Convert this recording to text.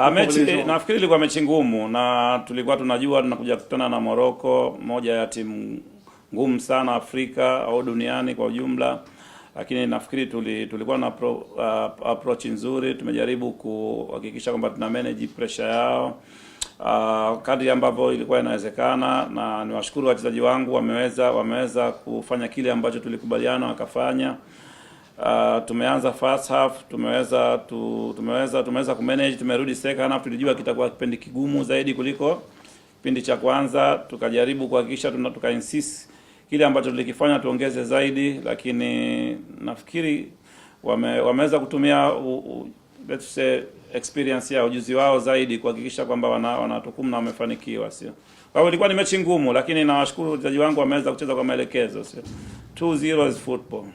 Ha, ah, mechi eh, nafikiri ilikuwa mechi ngumu na tulikuwa tunajua tunakuja kukutana na Morocco, moja ya timu ngumu sana Afrika au duniani kwa ujumla, lakini nafikiri tuli, tulikuwa na pro, uh, approach nzuri. Tumejaribu kuhakikisha kwamba tuna manage pressure yao uh, kadri ambavyo ilikuwa inawezekana, na niwashukuru wachezaji wangu wameweza wameweza kufanya kile ambacho tulikubaliana wakafanya. Uh, tumeanza first half tumeweza tu, tumeweza tumeweza kumanage, tumerudi second half. Tulijua kitakuwa kipindi kigumu zaidi kuliko kipindi cha kwanza, tukajaribu kuhakikisha tuka insist kile ambacho tulikifanya tuongeze zaidi, lakini nafikiri wame, wameweza kutumia u, u, let's say experience ya ujuzi wao zaidi kuhakikisha kwamba wana wanatukumu na wamefanikiwa, sio? Kwa hiyo ilikuwa ni mechi ngumu, lakini nawashukuru wachezaji wangu wameweza kucheza kwa maelekezo, sio? 2-0 is football.